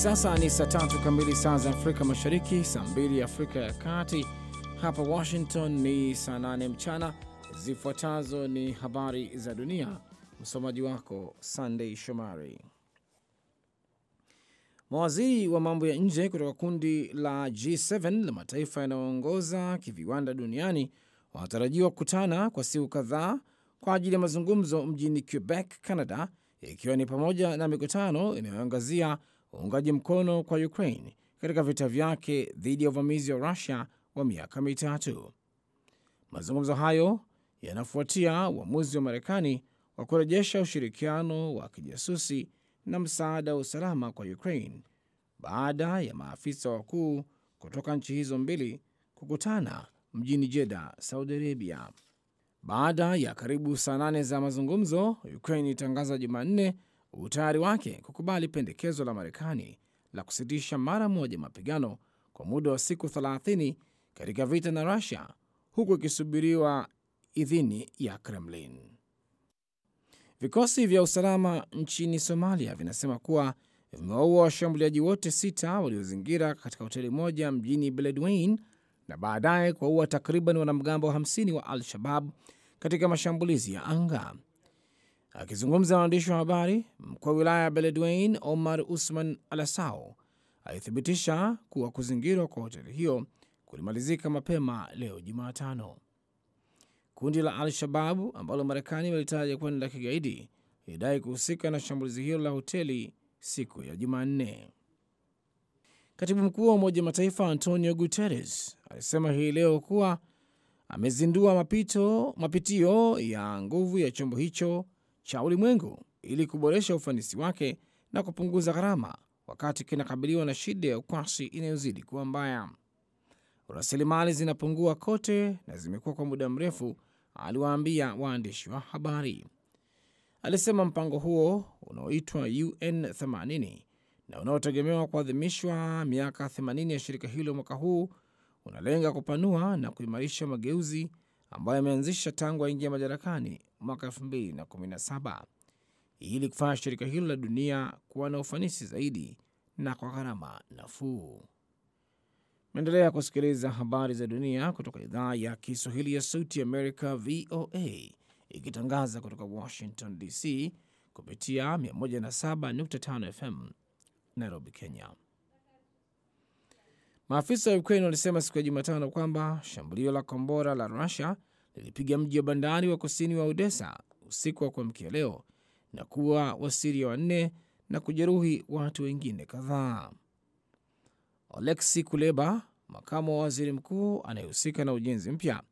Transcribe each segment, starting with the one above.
sasa ni saa tatu kamili saa za Afrika Mashariki, saa mbili Afrika ya Kati. Hapa Washington ni saa nane mchana. Zifuatazo ni habari za dunia, msomaji wako Sandei Shomari. Mawaziri wa mambo ya nje kutoka kundi la G7 la mataifa yanayoongoza kiviwanda duniani wanatarajiwa kukutana kwa siku kadhaa kwa ajili ya mazungumzo mjini Quebec, Canada, ikiwa ni pamoja na mikutano inayoangazia uungaji mkono kwa Ukraine katika vita vyake dhidi ya uvamizi wa Rusia wa miaka mitatu. Mazungumzo hayo yanafuatia uamuzi wa Marekani wa kurejesha ushirikiano wa kijasusi na msaada wa usalama kwa Ukraine baada ya maafisa wakuu kutoka nchi hizo mbili kukutana mjini jeda Saudi Arabia. Baada ya karibu saa nane za mazungumzo, Ukraine ilitangaza Jumanne utayari wake kukubali pendekezo la Marekani la kusitisha mara moja mapigano kwa muda wa siku 30 katika vita na Rusia, huku ikisubiriwa idhini ya Kremlin. Vikosi vya usalama nchini Somalia vinasema kuwa vimewaua washambuliaji wote sita waliozingira katika hoteli moja mjini Beledweyne na baadaye kuwaua takriban wanamgambo 50 wa Al-Shabab katika mashambulizi ya anga. Akizungumza na waandishi wa habari, mkuu wa wilaya ya Beledweyne Omar Usman Alasau alithibitisha kuwa kuzingirwa kwa hoteli hiyo kulimalizika mapema leo Jumatano. Kundi la Al-Shababu ambalo Marekani walitaja kuwa ni la kigaidi ilidai kuhusika na shambulizi hilo la hoteli siku ya Jumanne. Katibu mkuu wa Umoja Mataifa Antonio Guterres alisema hii leo kuwa amezindua mapito, mapitio ya nguvu ya chombo hicho cha ulimwengu ili kuboresha ufanisi wake na kupunguza gharama wakati kinakabiliwa na shida ya ukwasi inayozidi kuwa mbaya. Rasilimali zinapungua kote na zimekuwa kwa muda mrefu, aliwaambia waandishi wa habari. Alisema mpango huo unaoitwa UN 80 na unaotegemewa kuadhimishwa miaka 80 ya shirika hilo mwaka huu unalenga kupanua na kuimarisha mageuzi ambayo ameanzisha tangu aingia madarakani mwaka 2017 ili kufanya shirika hilo la dunia kuwa na ufanisi zaidi na kwa gharama nafuu. Naendelea kusikiliza habari za dunia kutoka idhaa ya Kiswahili ya Sauti Amerika, VOA, ikitangaza kutoka Washington DC kupitia 107.5 FM Nairobi, Kenya. Maafisa wa Ukraine walisema siku ya Jumatano kwamba shambulio la kombora la Rusia lilipiga mji wa bandari wa kusini wa Odessa usiku wa kuamkia leo na kuwa Wasiria wanne na kujeruhi watu wengine kadhaa. Oleksi Kuleba, makamu wa waziri mkuu anayehusika na ujenzi mpya,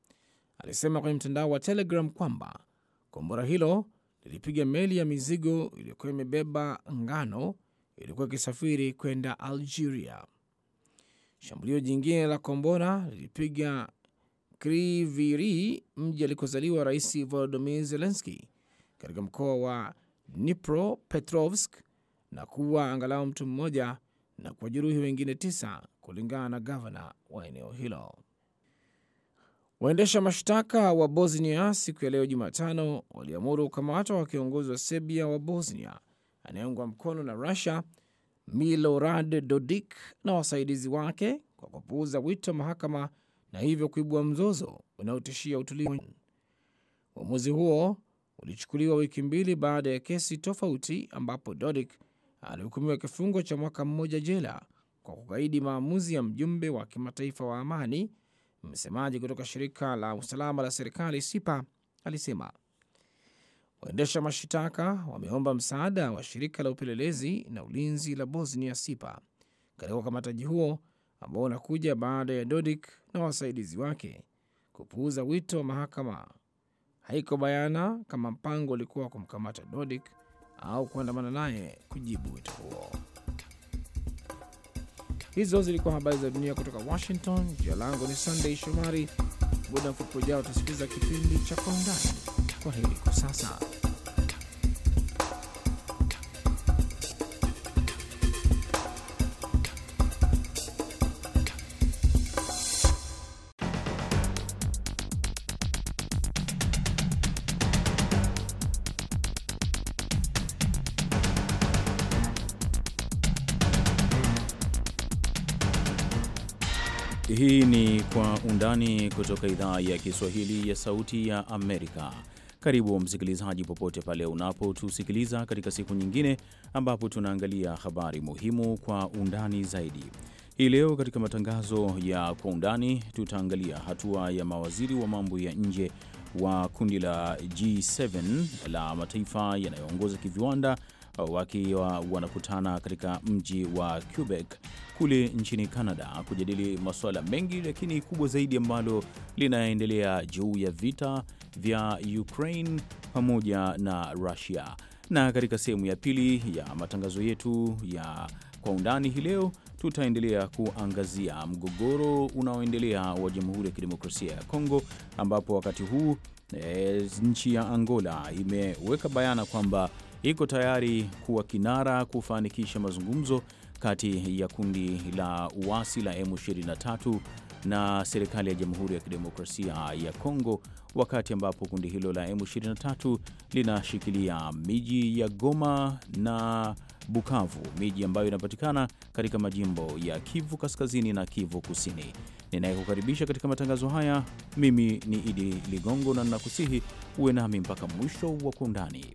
alisema kwenye mtandao wa Telegram kwamba kombora hilo lilipiga meli ya mizigo iliyokuwa imebeba ngano iliyokuwa ikisafiri kwenda Algeria. Shambulio jingine la kombora lilipiga Kriviri, mji alikozaliwa Rais Volodymyr zelenski katika mkoa wa Dnipropetrovsk na kuwa angalau mtu mmoja na jeruhi wengine tisa, kulingana na gavana wa eneo hilo. Waendesha mashtaka wa Bosnia siku ya leo Jumatano waliamuru ukamatwa wa kiongozi wa Serbia wa Bosnia anayeungwa mkono na Rusia Milorad Dodik na wasaidizi wake kwa kupuuza wito wa mahakama na hivyo kuibua mzozo unaotishia utulivu. Uamuzi huo ulichukuliwa wiki mbili baada ya kesi tofauti ambapo Dodik alihukumiwa kifungo cha mwaka mmoja jela kwa kukaidi maamuzi ya mjumbe wa kimataifa wa amani. Msemaji kutoka shirika la usalama la serikali SIPA alisema Waendesha mashitaka wameomba msaada wa shirika la upelelezi na ulinzi la Bosnia SIPA katika ukamataji huo ambao unakuja baada ya Dodik na wasaidizi wake kupuuza wito wa mahakama. Haiko bayana kama mpango ulikuwa wa kumkamata Dodik au kuandamana naye kujibu wito huo. Hizo zilikuwa habari za dunia kutoka Washington. Jina langu ni Sunday Shomari. Muda mfupi ujao utasikiliza kipindi cha Kwa Undani. Kiswahili kwa sasa. Hii ni Kwa Undani kutoka idhaa ya Kiswahili ya Sauti ya Amerika. Karibu msikilizaji, popote pale unapotusikiliza katika siku nyingine ambapo tunaangalia habari muhimu kwa undani zaidi. Hii leo katika matangazo ya kwa undani tutaangalia hatua ya mawaziri wa mambo ya nje wa kundi la G7 la mataifa yanayoongoza kiviwanda wakiwa wanakutana katika mji wa Quebec kule nchini Canada kujadili masuala mengi, lakini kubwa zaidi ambalo linaendelea juu ya vita vya Ukraine pamoja na Russia. Na katika sehemu ya pili ya matangazo yetu ya kwa undani hii leo tutaendelea kuangazia mgogoro unaoendelea wa Jamhuri ya Kidemokrasia ya Kongo ambapo wakati huu e, nchi ya Angola imeweka bayana kwamba iko tayari kuwa kinara kufanikisha mazungumzo kati ya kundi la uasi la M23 na serikali ya Jamhuri ya Kidemokrasia ya Kongo, wakati ambapo kundi hilo la M23 linashikilia miji ya Goma na Bukavu, miji ambayo inapatikana katika majimbo ya Kivu Kaskazini na Kivu Kusini. Ninayekukaribisha katika matangazo haya mimi ni Idi Ligongo, na ninakusihi uwe nami mpaka mwisho wa Kwa Undani.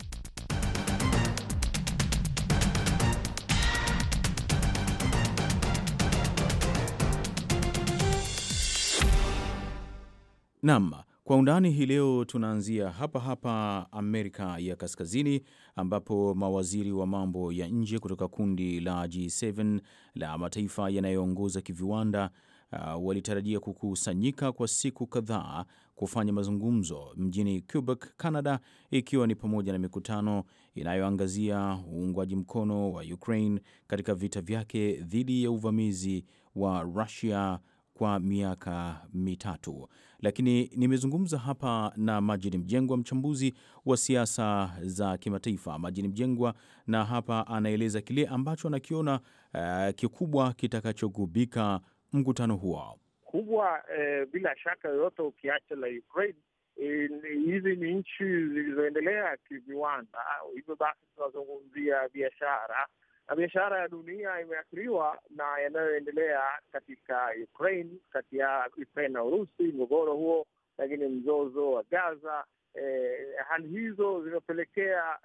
Naam, kwa undani hii leo tunaanzia hapa hapa Amerika ya Kaskazini, ambapo mawaziri wa mambo ya nje kutoka kundi la G7 la mataifa yanayoongoza kiviwanda uh, walitarajia kukusanyika kwa siku kadhaa kufanya mazungumzo mjini Quebec, Canada, ikiwa ni pamoja na mikutano inayoangazia uungwaji mkono wa Ukraine katika vita vyake dhidi ya uvamizi wa Russia kwa miaka mitatu. Lakini nimezungumza hapa na majini Mjengwa, mchambuzi wa siasa za kimataifa. majini Mjengwa na hapa anaeleza kile ambacho anakiona uh, kikubwa kitakachogubika mkutano huo kubwa. Eh, bila shaka yoyote ukiacha la Ukraine eh, hizi ni nchi zilizoendelea kiviwanda, hivyo basi tunazungumzia biashara biashara ya dunia imeathiriwa na yanayoendelea katika Ukraine, kati ya Ukraine na Urusi, mgogoro huo, lakini mzozo wa Gaza. Eh, hali hizo zimepelekea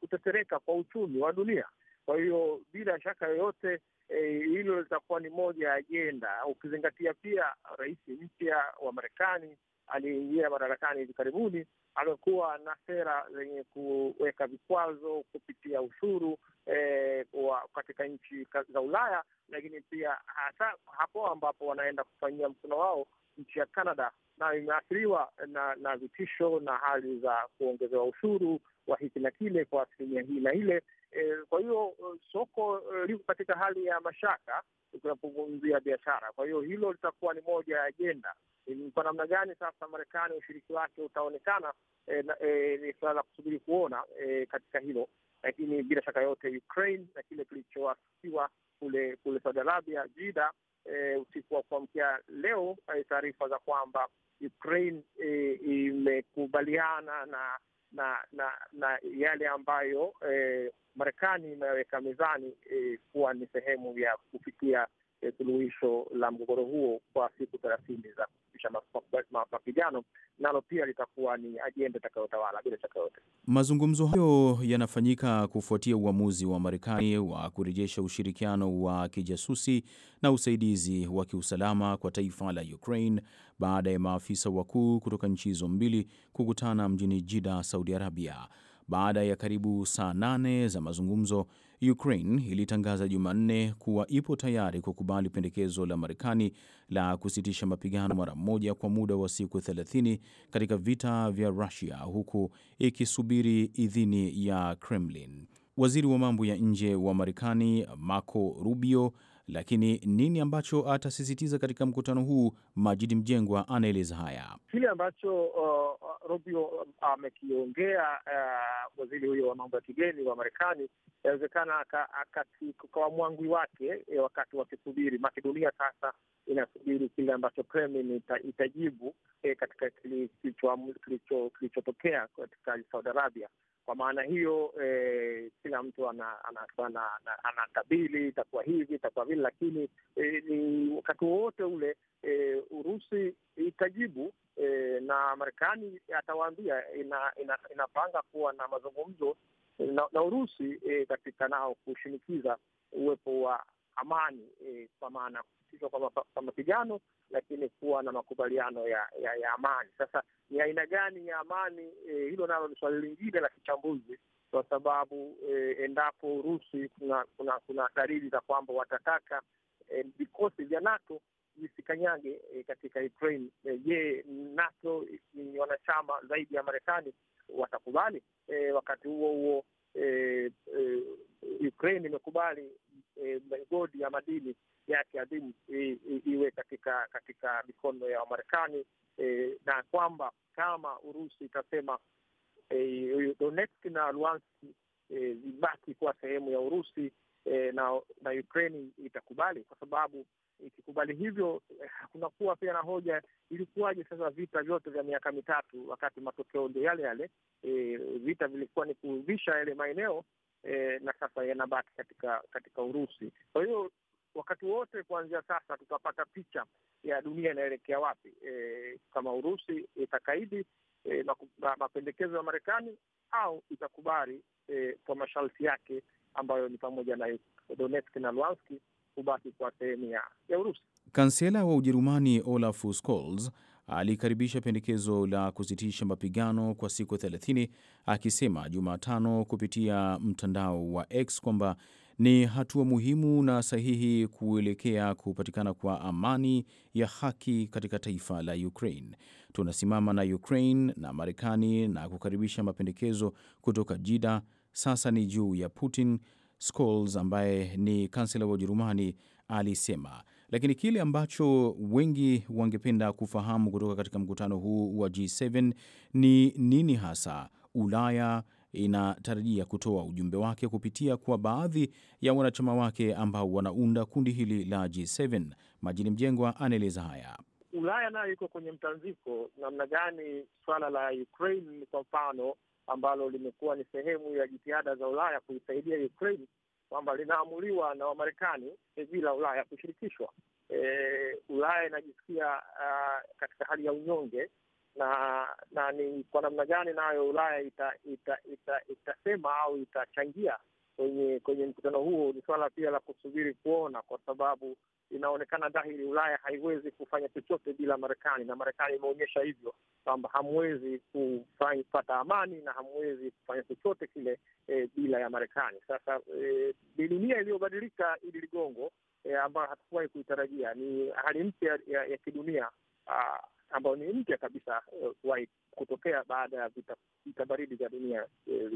kutetereka kwa uchumi wa dunia. Kwa hiyo bila shaka yoyote e, hilo eh, litakuwa ni moja ya ajenda, ukizingatia pia rais mpya wa Marekani aliyeingia madarakani hivi karibuni amekuwa na sera zenye kuweka vikwazo kupitia ushuru eh, wa katika nchi za Ulaya, lakini pia hasa hapo ambapo wanaenda kufanyia mkono wao nchi ya Canada nayo imeathiriwa na na vitisho na hali za kuongezewa ushuru wa hiki na kile kwa asilimia hii na ile. E, kwa hiyo eh, soko eh, liko katika hali ya mashaka tunapozungumzia biashara. Kwa hiyo hilo litakuwa ni moja ya ajenda ni kwa namna gani sasa Marekani ushiriki wake utaonekana e, e, ni suala la kusubiri kuona e, katika hilo lakini bila shaka yote Ukraine na kile kilichoafikiwa kule kule Saudi Arabia Jida e, usiku wa kuamkia leo e, taarifa za kwamba Ukraine e, imekubaliana na na na na yale ambayo e, Marekani imeweka mezani e, kuwa ni sehemu ya kufikia Eh, suluhisho la mgogoro huo kwa siku thelathini za kusitisha mapigano, nalo pia litakuwa ni ajenda itakayotawala bila shaka yote. Mazungumzo hayo yanafanyika kufuatia uamuzi wa Marekani wa kurejesha ushirikiano wa kijasusi na usaidizi wa kiusalama kwa taifa la Ukraine baada ya maafisa wakuu kutoka nchi hizo mbili kukutana mjini Jida, Saudi Arabia. Baada ya karibu saa nane za mazungumzo Ukraine ilitangaza Jumanne kuwa ipo tayari kukubali pendekezo la Marekani la kusitisha mapigano mara moja kwa muda wa siku 30 katika vita vya russia huku ikisubiri idhini ya Kremlin. Waziri wa mambo ya nje wa Marekani Marco Rubio lakini nini ambacho atasisitiza katika mkutano huu? Majidi Mjengwa anaeleza haya. Kile ambacho uh, uh Rubio uh, amekiongea uh, waziri huyo wa mambo ya kigeni wa Marekani, inawezekana kwa mwangwi wake e, wakati wakisubiri. Makedonia sasa inasubiri kile ambacho Kremlin ita, itajibu eh, katika kilichotokea katika Saudi Arabia kwa maana hiyo eh, kila mtu anatabili itakuwa hivi itakuwa vile, lakini eh, ni wakati wowote ule eh, Urusi itajibu eh, na Marekani atawaambia ina, ina, inapanga kuwa na mazungumzo na, na Urusi eh, katika nao kushinikiza uwepo wa amani e, kwa maana kusitishwa kwa mapigano, lakini kuwa na makubaliano ya, ya, ya amani. Sasa ni aina gani ya amani e, hilo nalo ni swali lingine la kichambuzi kwa sababu e, endapo Urusi kuna kuna, kuna dalili za kwamba watataka e, vikosi e, vya NATO visikanyage e, katika Ukraine. E, je, NATO ni wanachama zaidi ya Marekani watakubali? E, wakati huo huo e, e, Ukraine imekubali Eh, migodi e, ya madini yake adhimu iwe katika katika mikono ya Wamarekani e, na kwamba kama Urusi itasema e, Donetsk na Luhansk e, kuwa sehemu ya Urusi e, na na Ukraini itakubali kwa sababu ikikubali hivyo kunakuwa pia na hoja, ilikuwaje sasa vita vyote vya miaka mitatu, wakati matokeo ndio yale yale? E, vita vilikuwa ni kurudisha yale maeneo e, na sasa yanabaki katika katika Urusi. Kwa hiyo wakati wote kuanzia sasa tutapata picha ya dunia inaelekea wapi, e, kama Urusi itakaidi e, mapendekezo ya Marekani au itakubali e, kwa masharti yake ambayo ni pamoja na Donetsk na Luhansk kubaki kwa sehemu ya Urusi. Kansela wa Ujerumani Olaf Scholz alikaribisha pendekezo la kusitisha mapigano kwa siku 30 akisema Jumatano kupitia mtandao wa X kwamba ni hatua muhimu na sahihi kuelekea kupatikana kwa amani ya haki katika taifa la Ukraine. Tunasimama na Ukraine na Marekani na kukaribisha mapendekezo kutoka Jida. Sasa ni juu ya Putin, Scholz ambaye ni kansela wa Ujerumani alisema. Lakini kile ambacho wengi wangependa kufahamu kutoka katika mkutano huu wa G7 ni nini hasa Ulaya inatarajia kutoa ujumbe wake kupitia kwa baadhi ya wanachama wake ambao wanaunda kundi hili la G7. Majini Mjengwa anaeleza haya. Ulaya nayo iko kwenye mtanziko, namna gani suala la Ukraine kwa mfano, ambalo limekuwa ni sehemu ya jitihada za Ulaya kuisaidia Ukraine kwamba linaamuliwa na Wamarekani jiji eh, Ulaya kushirikishwa. E, Ulaya inajisikia uh, katika hali ya unyonge na na ni kwa namna gani nayo Ulaya itasema ita, ita, ita au itachangia kwenye kwenye mkutano huo ni suala pia la kusubiri kuona, kwa sababu inaonekana dhahiri Ulaya haiwezi kufanya chochote bila Marekani, na Marekani imeonyesha hivyo kwamba hamwezi kupata amani na hamwezi kufanya chochote kile e, bila ya Marekani. Sasa e, ni dunia iliyobadilika, ili Ligongo, e, ambayo hatukuwahi kuitarajia. Ni hali mpya ya, ya kidunia ambayo ni mpya kabisa uh, kutokea baada ya vita, vita baridi vya dunia eh,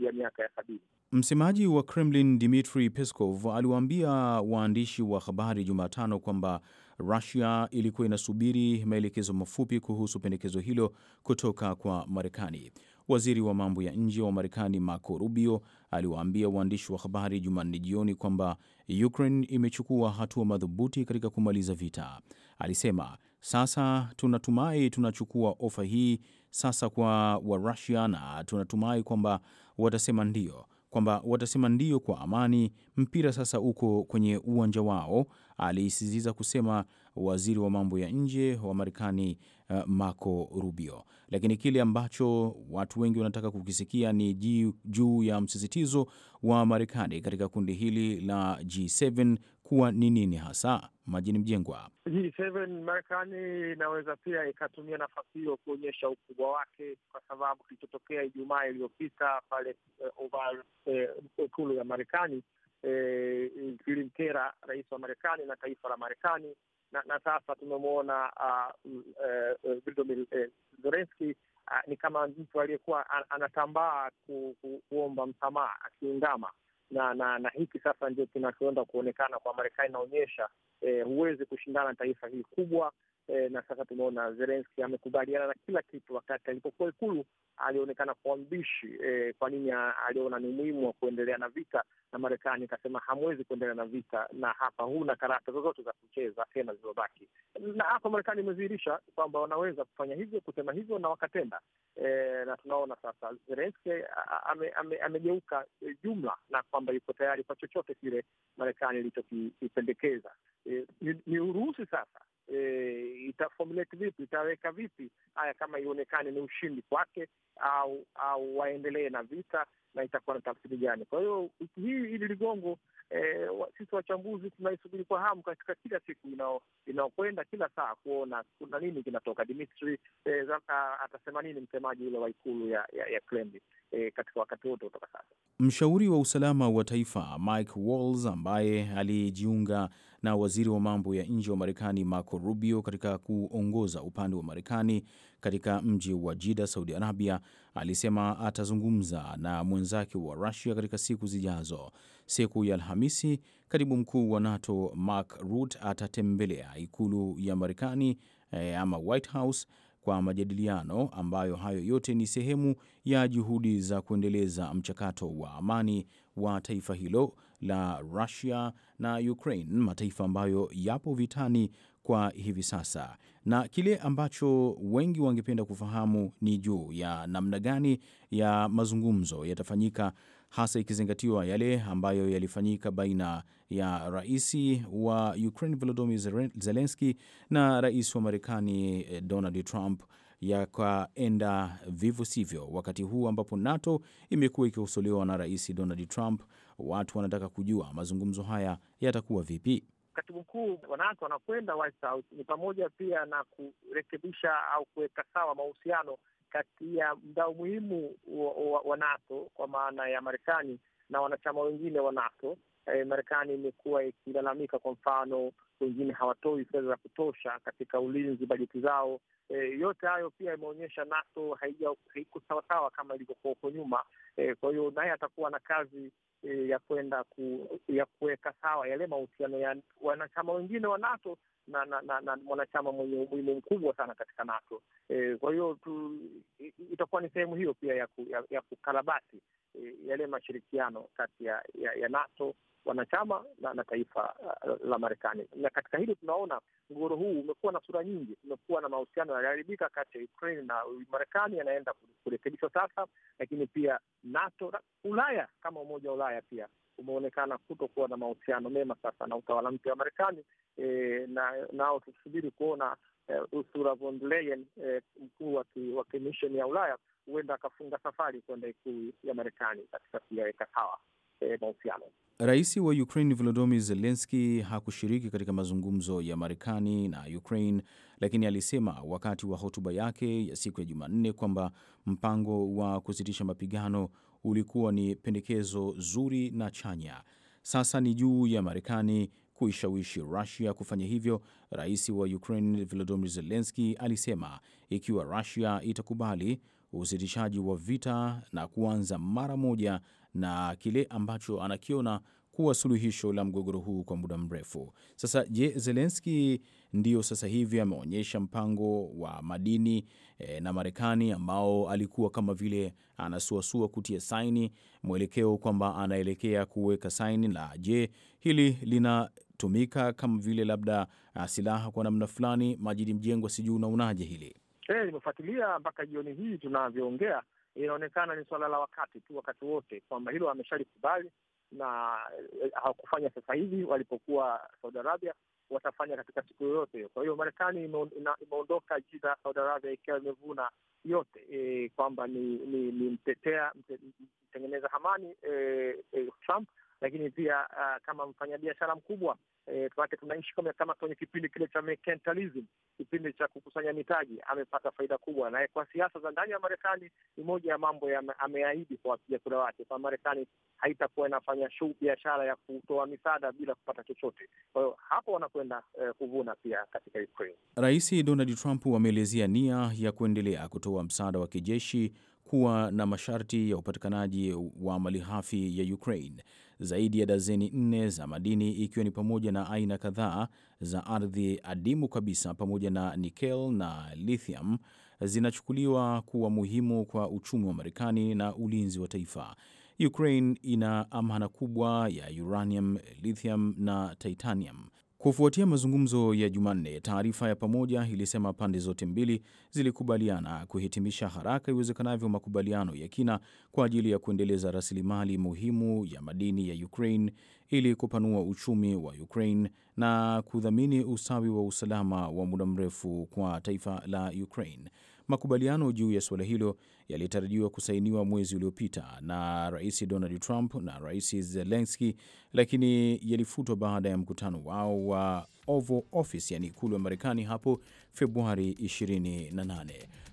vya uh, miaka ya sabini. Msemaji wa Kremlin Dmitri Peskov aliwaambia waandishi wa habari Jumatano kwamba Rusia ilikuwa inasubiri maelekezo mafupi kuhusu pendekezo hilo kutoka kwa Marekani. Waziri wa mambo ya nje wa Marekani Marco Rubio aliwaambia waandishi wa habari Jumanne jioni kwamba Ukraine imechukua hatua madhubuti katika kumaliza vita. Alisema sasa tunatumai tunachukua ofa hii sasa kwa Warusia na tunatumai kwamba watasema ndio, kwamba watasema ndio kwa amani. Mpira sasa uko kwenye uwanja wao, alisisitiza kusema waziri wa mambo ya nje wa Marekani uh, Marco Rubio. Lakini kile ambacho watu wengi wanataka kukisikia ni juu ya msisitizo wa Marekani katika kundi hili la G7 kuwa ni nini hasa? Majini Mjengwa. G7 Marekani inaweza pia ikatumia nafasi hiyo kuonyesha ukubwa wake, kwa sababu kilichotokea Ijumaa iliyopita pale uh, uh, ya Marekani kilimkera eh, rais wa Marekani na taifa la Marekani, na sasa tumemwona ah, mm, Volodymyr Zelensky ah, ni kama mtu aliyekuwa anatambaa kuomba msamaha, akiungama na na na hiki sasa ndio kinachoenda kuonekana kwa Marekani inaonyesha eh, huwezi kushindana na taifa hili kubwa e, na sasa tumeona Zelenski amekubaliana na kila kitu. Wakati alipokuwa Ikulu alionekana kwa mbishi e, kwa nini aliona ni umuhimu wa kuendelea na vita na Marekani akasema hamwezi kuendelea na vita na hapa huna karata zozote za kucheza tena zilizobaki. Na hapa Marekani imedhihirisha kwamba wanaweza kufanya hivyo, kusema hivyo na wakatenda e, na tunaona sasa Zelenski amegeuka ame, ame jumla na kwamba yuko tayari kwa chochote kile Marekani ilichokipendekeza. E, ni, ni uruhusi sasa e, itaformulate vipi, itaweka vipi haya kama ionekane ni ushindi kwake au au waendelee na vita na itakuwa na tafsiri gani? Kwa hiyo wiki hii ili ligongo e, wa, sisi wachambuzi tunaisubiri kwa hamu katika kila siku inayokwenda, kila saa kuona kuna nini kinatoka. Dimitri e, atasema nini msemaji ule wa ikulu ya, ya, ya Kremlin e, katika wakati wote kutoka sasa. Mshauri wa usalama wa taifa Mike Walls ambaye alijiunga na waziri wa mambo ya nje wa Marekani Marco Rubio katika kuongoza upande wa Marekani katika mji wa Jida, Saudi Arabia, alisema atazungumza na mwenzake wa Rusia katika siku zijazo. Siku ya Alhamisi, katibu mkuu wa NATO Mark Rutte atatembelea ikulu ya Marekani eh, ama White House kwa majadiliano ambayo hayo yote ni sehemu ya juhudi za kuendeleza mchakato wa amani wa taifa hilo la Russia na Ukraine, mataifa ambayo yapo vitani kwa hivi sasa, na kile ambacho wengi wangependa kufahamu ni juu ya namna gani ya mazungumzo yatafanyika hasa ikizingatiwa yale ambayo yalifanyika baina ya rais wa Ukraine Volodymyr Zelensky na rais wa Marekani eh, Donald Trump yakaenda vivyo sivyo, wakati huu ambapo NATO imekuwa ikikosolewa na rais Donald Trump. Watu wanataka kujua mazungumzo haya yatakuwa vipi. Katibu mkuu wa NATO anakwenda White House ni pamoja pia na kurekebisha au kuweka sawa mahusiano kati ya mdao muhimu wa, wa, wa NATO kwa maana ya Marekani na wanachama wengine wa NATO. E, Marekani imekuwa ikilalamika, kwa mfano wengine hawatoi fedha za kutosha katika ulinzi, bajeti zao. E, yote hayo pia imeonyesha NATO haiko sawasawa kama ilivyokuwa huko nyuma. E, kwa hiyo naye atakuwa na kazi e, ya kwenda ku, ya kuweka sawa yale mahusiano ya wanachama wengine wa NATO na na, na, na mwanachama mwenye umuhimu mkubwa sana katika NATO. E, kwa hiyo tu itakuwa ni sehemu hiyo pia ya, ku, ya, ya kukarabati e, yale mashirikiano kati ya, ya, ya NATO wanachama na, na taifa uh, la Marekani. Na katika hili tunaona mgogoro huu umekuwa na sura nyingi. Kumekuwa na mahusiano yaliharibika kati ya Ukraine na Marekani, yanaenda kurekebishwa sasa, lakini pia NATO na Ulaya kama Umoja wa Ulaya pia umeonekana kutokuwa na mahusiano mema sasa na utawala mpya wa Marekani. E, na nao tusubiri kuona e, Ursula von der Leyen e, mkuu wa Kamisheni ya Ulaya huenda akafunga safari kwenda ikulu ya Marekani katika kuyaweka sawa e, mahusiano. Rais wa Ukraine Volodymyr Zelensky hakushiriki katika mazungumzo ya Marekani na Ukraine, lakini alisema wakati wa hotuba yake ya siku ya Jumanne kwamba mpango wa kusitisha mapigano ulikuwa ni pendekezo zuri na chanya. Sasa ni juu ya Marekani kuishawishi Rusia kufanya hivyo, rais wa Ukraine Volodymyr Zelensky alisema. Ikiwa Rusia itakubali usitishaji wa vita na kuanza mara moja na kile ambacho anakiona kuwa suluhisho la mgogoro huu kwa muda mrefu. Sasa je, Zelenski ndiyo sasa hivi ameonyesha mpango wa madini e, na Marekani ambao alikuwa kama vile anasuasua kutia saini, mwelekeo kwamba anaelekea kuweka saini. Na je hili linatumika kama vile labda ah, silaha kwa namna fulani? Majidi Mjengwa, sijui unaonaje hili? E, nimefuatilia mpaka jioni hii tunavyoongea, inaonekana ni suala la wakati tu, wakati wote kwamba hilo ameshalikubali na eh, hawakufanya sasa hivi walipokuwa Saudi Arabia, watafanya katika siku yoyote hiyo. Kwa hiyo Marekani imeondoka jina Saudi Arabia ikiwa imevuna yote e, kwamba ni, ni, ni mtetea mtengeneza amani e, eh, e, Trump lakini pia uh, kama mfanyabiashara mkubwa e, eh, tuake tunaishi kama kwenye kipindi kile cha mercantilism, kipindi cha kukusanya mitaji. Amepata faida kubwa, na kwa siasa za ndani ya Marekani ni moja ya mambo ameahidi kwa wapiga kura wake kwa Marekani haitakuwa inafanya biashara ya kutoa misaada bila kupata chochote. Kwa hiyo hapo wanakwenda eh, kuvuna pia katika Ukraine. Rais Donald Trump ameelezea nia ya kuendelea kutoa msaada wa kijeshi kuwa na masharti ya upatikanaji wa malighafi ya Ukraine. Zaidi ya dazeni nne za madini ikiwa ni pamoja na aina kadhaa za ardhi adimu kabisa pamoja na nikel na lithium zinachukuliwa kuwa muhimu kwa uchumi wa Marekani na ulinzi wa taifa. Ukraine ina amana kubwa ya uranium, lithium na titanium. Kufuatia mazungumzo ya Jumanne, taarifa ya pamoja ilisema pande zote mbili zilikubaliana kuhitimisha haraka iwezekanavyo makubaliano ya kina kwa ajili ya kuendeleza rasilimali muhimu ya madini ya Ukraine ili kupanua uchumi wa Ukraine na kudhamini ustawi wa usalama wa muda mrefu kwa taifa la Ukraine. Makubaliano juu ya suala hilo yalitarajiwa kusainiwa mwezi uliopita na Rais Donald Trump na Rais Zelenski, lakini yalifutwa baada ya mkutano wao wa Oval Office, yani ikulu ya Marekani hapo Februari 28.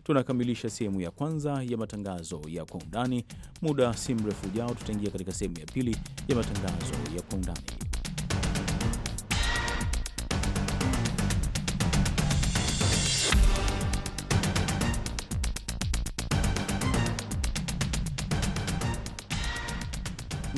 Tunakamilisha sehemu ya kwanza ya matangazo ya kwa undani. Muda si mrefu ujao, tutaingia katika sehemu ya pili ya matangazo ya kwa undani.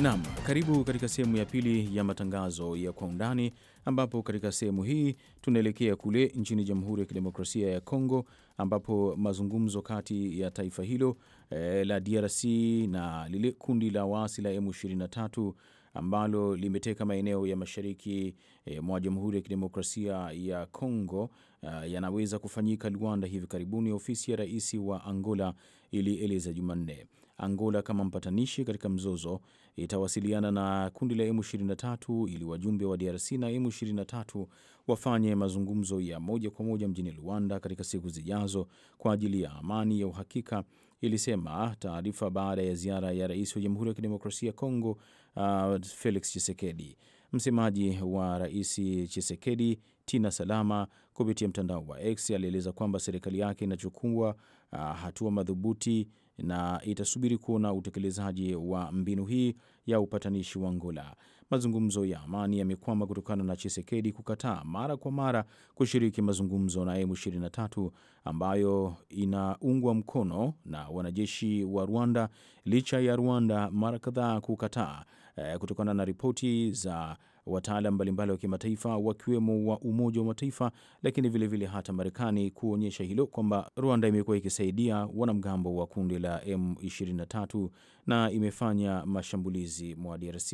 Naam, karibu katika sehemu ya pili ya matangazo ya kwa undani ambapo katika sehemu hii tunaelekea kule nchini Jamhuri ya Kidemokrasia ya Kongo ambapo mazungumzo kati ya taifa hilo eh, la DRC na lile kundi la waasi la M23 ambalo limeteka maeneo ya mashariki eh, mwa Jamhuri ya Kidemokrasia ya Kongo eh, yanaweza kufanyika Luanda hivi karibuni, ofisi ya rais wa Angola ilieleza Jumanne. Angola kama mpatanishi katika mzozo itawasiliana na kundi la M23 ili wajumbe wa DRC na M23 wafanye mazungumzo ya moja kwa moja mjini Luanda katika siku zijazo kwa ajili ya amani ya uhakika, ilisema taarifa baada ya ziara ya rais wa Jamhuri ya Kidemokrasia ya Kongo uh, Felix Tshisekedi. Msemaji wa Rais Tshisekedi Tina Salama kupitia mtandao wa X alieleza kwamba serikali yake inachukua uh, hatua madhubuti na itasubiri kuona utekelezaji wa mbinu hii ya upatanishi wa Angola. Mazungumzo ya amani yamekwama kutokana na Chisekedi kukataa mara kwa mara kushiriki mazungumzo na M23 ambayo inaungwa mkono na wanajeshi wa Rwanda, licha ya Rwanda mara kadhaa kukataa eh, kutokana na ripoti za wataalam mbalimbali wa kimataifa wakiwemo wa Umoja wa Mataifa, lakini vilevile vile hata Marekani kuonyesha hilo kwamba Rwanda imekuwa ikisaidia wanamgambo wa kundi la M23 na imefanya mashambulizi mwa DRC.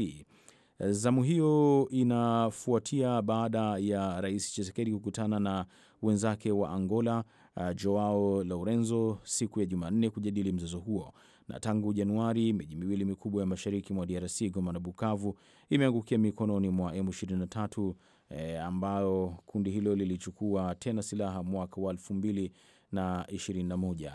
Zamu hiyo inafuatia baada ya Rais Chisekedi kukutana na wenzake wa Angola, uh, Joao Lourenco siku ya Jumanne kujadili mzozo huo na tangu Januari miji miwili mikubwa ya mashariki mwa DRC, Goma na Bukavu, imeangukia mikononi mwa M23 e, eh, ambayo kundi hilo lilichukua tena silaha mwaka wa 2021.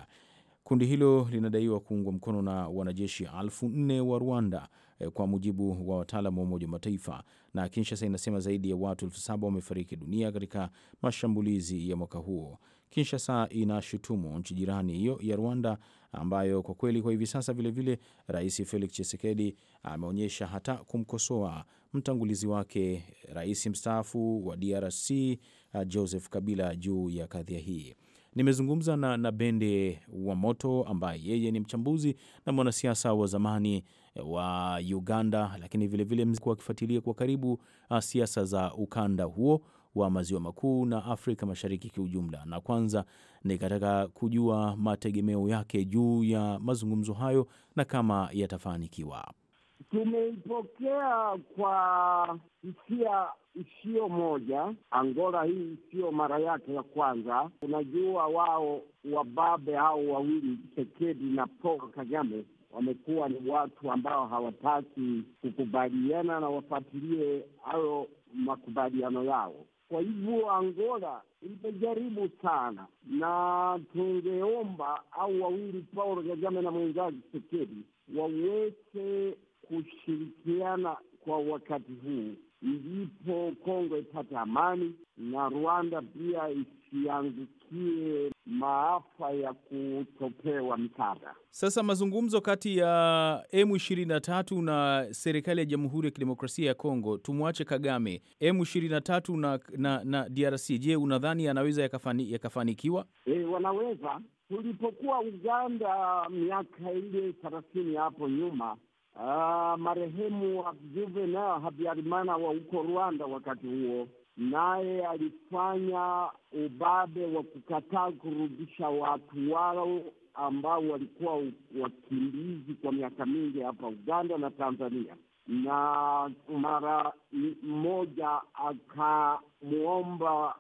Kundi hilo linadaiwa kuungwa mkono na wanajeshi elfu nne wa Rwanda eh, kwa mujibu wa wataalam wa Umoja wa Mataifa, na Kinshasa inasema zaidi ya watu elfu saba wamefariki dunia katika mashambulizi ya mwaka huo. Kinshasa inashutumu nchi jirani hiyo ya Rwanda ambayo kwa kweli kwa hivi sasa vilevile Rais Felix chisekedi ameonyesha hata kumkosoa mtangulizi wake rais mstaafu wa DRC uh, Joseph Kabila juu ya kadhia hii. Nimezungumza na, na Bende wa Moto ambaye yeye ni mchambuzi na mwanasiasa wa zamani eh, wa Uganda, lakini vilevile mkuu akifuatilia kwa karibu uh, siasa za ukanda huo wa maziwa makuu na Afrika Mashariki kiujumla, na kwanza nikataka kujua mategemeo yake juu ya mazungumzo hayo na kama yatafanikiwa. Tumeipokea kwa hisia isiyo moja. Angola hii isiyo mara yake ya kwanza. Unajua, wao wababe hao wawili Tshisekedi na Paul Kagame wamekuwa ni watu ambao hawataki kukubaliana na wafuatilie hayo makubaliano yao. Kwa hivyo Angola imejaribu sana, na tungeomba au wawili Paulo Kagame na mwenzake Tshisekedi waweze kushirikiana kwa wakati huu ndipo Kongo ipate amani na Rwanda pia isiangukie maafa ya kutopewa msaada. Sasa mazungumzo kati ya M23 na serikali ya Jamhuri ya Kidemokrasia ya Kongo, tumwache Kagame, M23 na, na, na DRC, je, unadhani yanaweza yakafanikiwa? e, wanaweza. Tulipokuwa Uganda miaka ile thelathini hapo nyuma Ah, marehemu Juvenal Habyarimana wa huko Rwanda wakati huo naye alifanya ubabe wa kukataa kurudisha watu wao ambao walikuwa wakimbizi kwa miaka mingi hapa Uganda na Tanzania, na mara mmoja akamwomba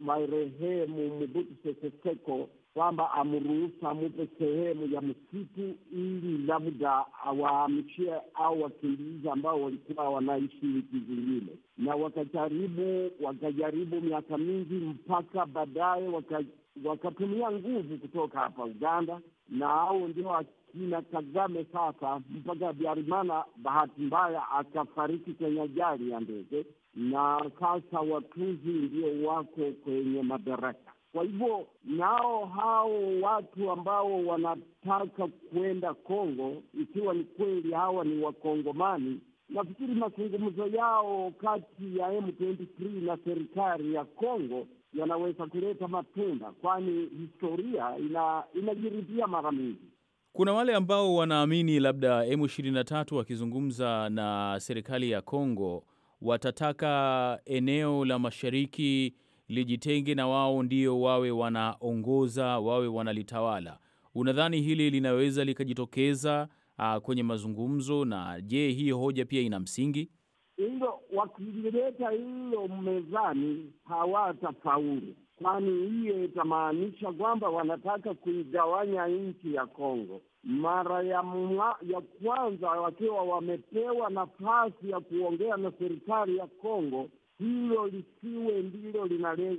marehemu mubutu Sese Seko kwamba amruhusu amupe sehemu ya msitu ili labda awaamshie au wakimbizi ambao walikuwa wanaishi wiki zingine, na wakajaribu wakajaribu miaka mingi, mpaka baadaye waka, wakatumia nguvu kutoka hapa Uganda, na hao ndio akina Kagame. Sasa mpaka Biarimana bahati mbaya akafariki kwenye ajali ya ndege, na sasa Watuzi ndio wako kwenye madaraka. Kwa hivyo nao hao watu ambao wanataka kwenda Kongo, ikiwa ni kweli hawa ni Wakongomani, nafikiri mazungumzo yao kati ya M23 na serikali ya Kongo yanaweza kuleta matunda, kwani historia ina inajirudia mara mingi. Kuna wale ambao wanaamini labda M23 wakizungumza na serikali ya Kongo watataka eneo la mashariki lijitenge na wao ndio wawe wanaongoza, wawe wanalitawala. Unadhani hili linaweza likajitokeza uh, kwenye mazungumzo? Na je, hii hoja pia ina msingi? Hilo wakilileta hilo mezani hawatafaulu, kwani hiyo itamaanisha kwamba wanataka kuigawanya nchi ya Kongo. Mara ya mwa, ya kwanza wakiwa wamepewa nafasi ya kuongea na serikali ya Kongo hilo lisiwe ndilo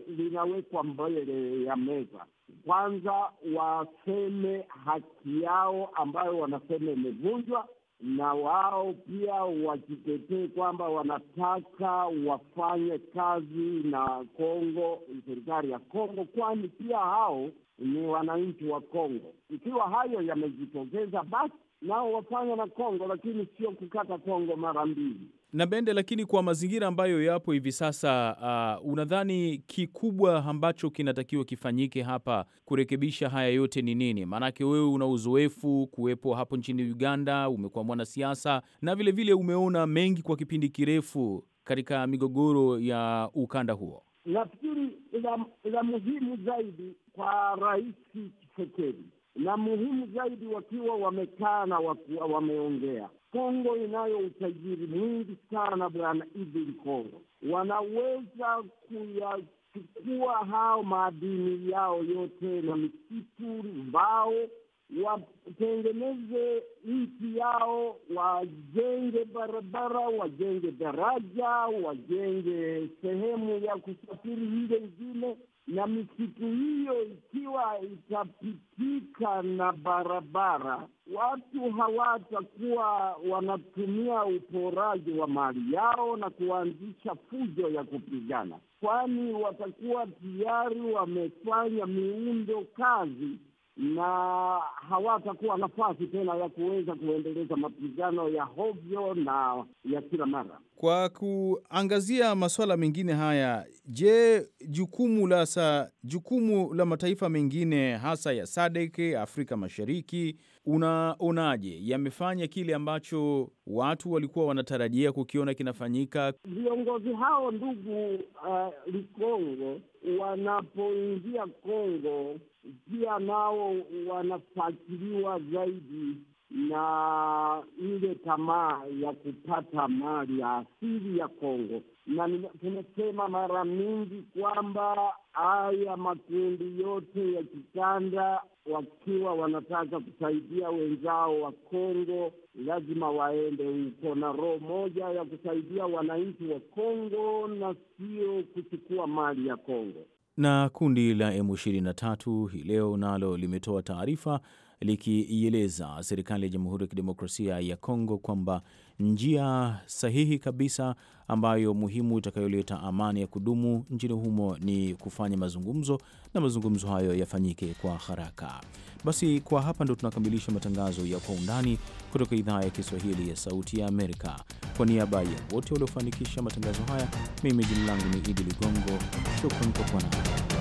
linawekwa mbele ya meza. Kwanza waseme haki yao ambayo wanasema imevunjwa, na wao pia wajitetee kwamba wanataka wafanye kazi na Kongo, serikali ya Kongo, kwani pia hao ni wananchi wa Kongo. Ikiwa hayo yamejitokeza, basi nao wafanya na Kongo, lakini sio kukata Kongo mara mbili na Bende. Lakini kwa mazingira ambayo yapo hivi sasa, uh, unadhani kikubwa ambacho kinatakiwa kifanyike hapa kurekebisha haya yote ni nini? Maanake wewe una uzoefu kuwepo hapo nchini Uganda, umekuwa mwanasiasa na vilevile vile umeona mengi kwa kipindi kirefu katika migogoro ya ukanda huo. Nafikiri la muhimu zaidi kwa Rais Tshisekedi na muhimu zaidi, wakiwa wamekaa na wakiwa wameongea. Kongo inayo utajiri mwingi sana, bwana idil Kongo wanaweza kuyachukua hao madini yao yote na misitu, mbao watengeneze nchi yao, wajenge barabara, wajenge daraja, wajenge sehemu ya kusafiri hile ingine na misitu hiyo ikiwa itapitika na barabara, watu hawatakuwa wanatumia uporaji wa mali yao na kuanzisha fujo ya kupigana, kwani watakuwa tayari wamefanya miundo kazi na hawatakuwa nafasi tena ya kuweza kuendeleza mapigano ya hovyo na ya kila mara. Kwa kuangazia masuala mengine haya, je, jukumu la sa, jukumu la mataifa mengine hasa ya SADC Afrika Mashariki unaonaje? Yamefanya kile ambacho watu walikuwa wanatarajia kukiona kinafanyika? Viongozi hao ndugu uh, Likongo wanapoingia Kongo pia nao wanafatiliwa zaidi na ile tamaa ya kupata mali ya asili ya Kongo, na tumesema mara mingi kwamba haya makundi yote ya kikanda wakiwa wanataka kusaidia wenzao wa Kongo lazima waende huko na roho moja ya kusaidia wananchi wa Kongo na sio kuchukua mali ya Kongo na kundi la M23 hii leo nalo limetoa taarifa likiieleza serikali ya Jamhuri ya Kidemokrasia ya Kongo kwamba njia sahihi kabisa ambayo muhimu itakayoleta amani ya kudumu nchini humo ni kufanya mazungumzo na mazungumzo hayo yafanyike kwa haraka. Basi kwa hapa ndo tunakamilisha matangazo ya Kwa Undani kutoka idhaa ya Kiswahili ya Sauti ya Amerika. Kwa niaba ya wote waliofanikisha matangazo haya, mimi jina langu ni Idi Ligongo. Shukran kwa kuwa nami.